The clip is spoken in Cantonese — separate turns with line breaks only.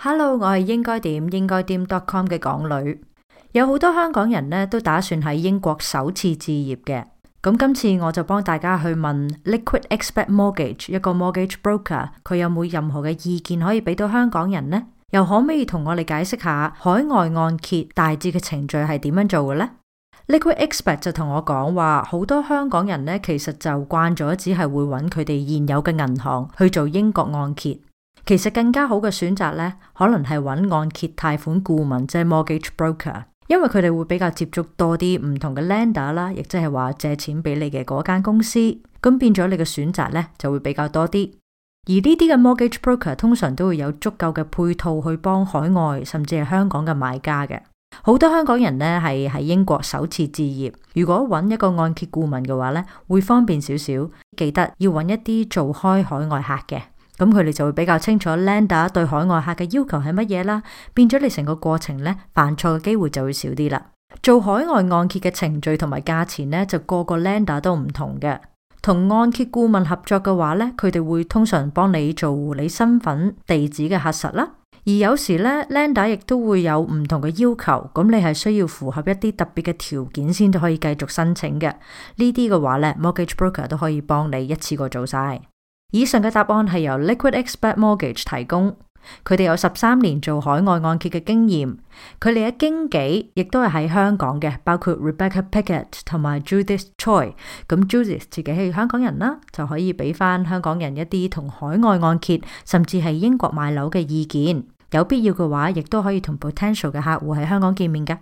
Hello，我係應該點應該點 dot com 嘅港女，有好多香港人呢都打算喺英國首次置業嘅，咁今次我就幫大家去問 Liquid Expert Mortgage，一個 mortgage broker，佢有冇任何嘅意見可以俾到香港人呢？又可唔可以同我哋解釋下海外按揭大致嘅程序係點樣做嘅呢？Liquid Expert 就同我講話，好多香港人呢其實就慣咗，只係會搵佢哋現有嘅銀行去做英國按揭。其實更加好嘅選擇咧，可能係揾按揭貸款顧問，即係 mortgage broker，因為佢哋會比較接觸多啲唔同嘅 lender 啦，亦即係話借錢俾你嘅嗰間公司，咁變咗你嘅選擇咧就會比較多啲。而呢啲嘅 mortgage broker 通常都會有足夠嘅配套去幫海外甚至係香港嘅買家嘅。好多香港人咧係喺英國首次置業，如果揾一個按揭顧問嘅話咧，會方便少少。記得要揾一啲做開海外客嘅。咁佢哋就會比較清楚 lender 對海外客嘅要求係乜嘢啦，變咗你成個過程咧犯錯嘅機會就會少啲啦。做海外按揭嘅程序同埋價錢咧，就個個 lender 都唔同嘅。同按揭顧問合作嘅話咧，佢哋會通常幫你做你身份地址嘅核實啦。而有時咧，lender 亦都會有唔同嘅要求，咁你係需要符合一啲特別嘅條件先都可以繼續申請嘅。呢啲嘅話咧，mortgage broker 都可以幫你一次過做晒。以上嘅答案係由 Liquid Expert Mortgage 提供，佢哋有十三年做海外按揭嘅經驗，佢哋嘅經紀亦都係喺香港嘅，包括 Rebecca Pickett 同埋 Judith Choi。咁 Judith 自己係香港人啦，就可以俾翻香港人一啲同海外按揭甚至係英國買樓嘅意見，有必要嘅話，亦都可以同 potential 嘅客戶喺香港見面㗎。